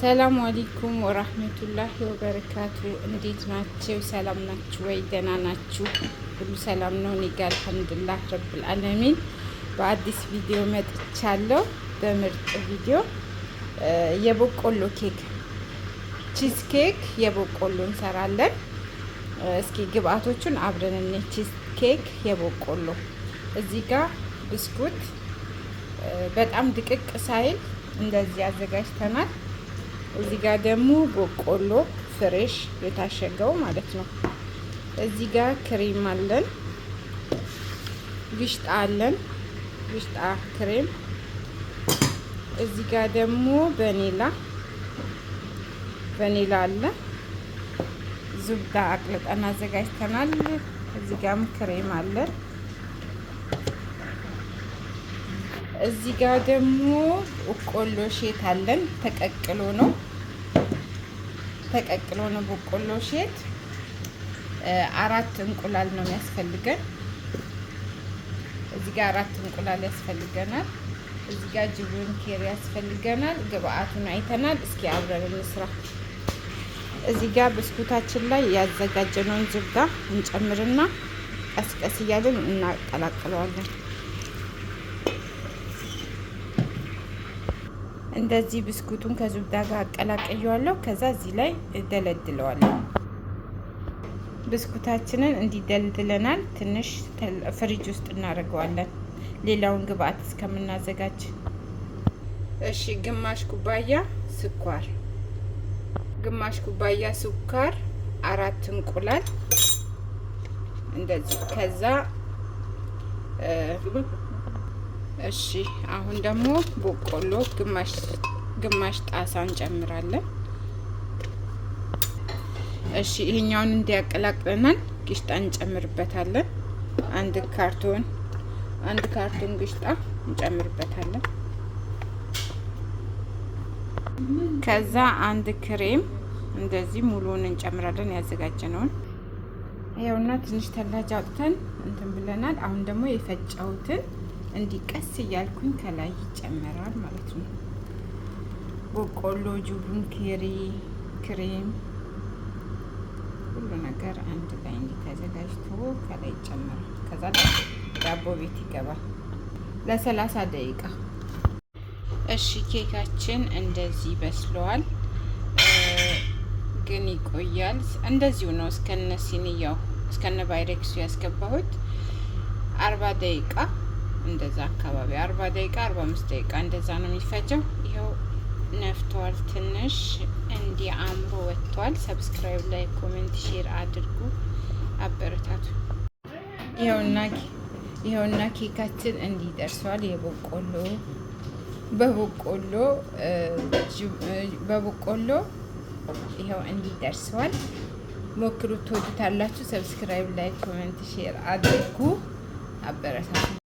ሰላም አለይኩም ወራህመቱላሂ ወበረካቱ። እንዴት ናችሁ? ሰላም ናችሁ ወይ? ደህና ናችሁ? ሁሉ ሰላም ነው? እኔ ጋር አልሐምዱሊላህ ረብል አለሚን። በአዲስ ቪዲዮ መጥቻለሁ። በምርጥ ቪዲዮ የበቆሎ ኬክ፣ ቺዝ ኬክ፣ የበቆሎ እንሰራለን። እስኪ ግብአቶቹን አብረን እኔ ቺዝ ኬክ የበቆሎ እዚህ ጋር ብስኩት በጣም ድቅቅ ሳይል እንደዚህ አዘጋጅተናል። እዚህ ጋር ደግሞ በቆሎ ፍሬሽ የታሸገው ማለት ነው። እዚህ ጋር ክሬም አለን፣ ግሽጣ አለን፣ ግሽጣ ክሬም። እዚህ ጋር ደግሞ ቫኒላ ቫኒላ አለ። ዙብዳ አቅልጠን አዘጋጅተናል። እዚህ ጋርም ክሬም አለን። እዚህ ጋር ደግሞ በቆሎ ሼት አለን። ተቀቅሎ ነው ተቀቅሎ ነው በቆሎ ሼት። አራት እንቁላል ነው የሚያስፈልገን። እዚህ ጋር አራት እንቁላል ያስፈልገናል። እዚህ ጋር ጅብን ኬር ያስፈልገናል። ግብአቱን አይተናል። እስኪ አብረን እንስራ። እዚህ ጋር ብስኩታችን ላይ ያዘጋጀነውን ዝብዳ እንጨምርና ቀስቀስ እያለን እናቀላቅለዋለን። እንደዚህ ብስኩቱን ከዙብዳ ጋር አቀላቀየዋለሁ። ከዛ እዚህ ላይ እደለድለዋለሁ። ብስኩታችንን እንዲደልድለናል ትንሽ ፍሪጅ ውስጥ እናደርገዋለን፣ ሌላውን ግብአት እስከምናዘጋጅ። እሺ ግማሽ ኩባያ ስኳር፣ ግማሽ ኩባያ ስኳር፣ አራት እንቁላል እንደዚህ ከዛ እሺ አሁን ደግሞ ቦቆሎ ግማሽ ጣሳ እንጨምራለን። እሺ ይሄኛውን እንዲያቀላቅለናል ግሽጣ እንጨምርበታለን። አንድ ካርቶን አንድ ካርቶን ግሽጣ እንጨምርበታለን። ከዛ አንድ ክሬም እንደዚህ ሙሉውን እንጨምራለን ያዘጋጀነውን። ይኸውና ትንሽ ተላጅ አውጥተን እንትን ብለናል። አሁን ደግሞ የፈጨሁትን እንዲህ ቀስ እያልኩኝ ከላይ ይጨመራል ማለት ነው። በቆሎ፣ ጁቡን፣ ኬሪ፣ ክሬም ሁሉ ነገር አንድ ላይ እንዲህ ተዘጋጅቶ ከላይ ይጨመራል። ከዛ ላይ ዳቦ ቤት ይገባል ለሰላሳ ደቂቃ። እሺ ኬካችን እንደዚህ በስለዋል፣ ግን ይቆያል። እንደዚሁ ነው እስከነ ሲንያው እስከነ ባይሬክሱ ያስገባሁት አርባ ደቂቃ እንደዛ አካባቢ አርባ ደቂቃ አርባ አምስት ደቂቃ እንደዛ ነው የሚፈጀው። ይኸው ነፍቷል። ትንሽ እንዲህ አምሮ ወጥቷል። ሰብስክራይብ ላይ ኮሜንት፣ ሼር አድርጉ፣ አበረታቱ። ይኸውና ይኸውና ኬካችን እንዲህ ደርሷል። የበቆሎ በበቆሎ በበቆሎ ይኸው እንዲህ ደርሷል። ሞክሩት፣ ትወዱታላችሁ። ሰብስክራይብ፣ ላይ ኮሜንት፣ ሼር አድርጉ፣ አበረታቱ።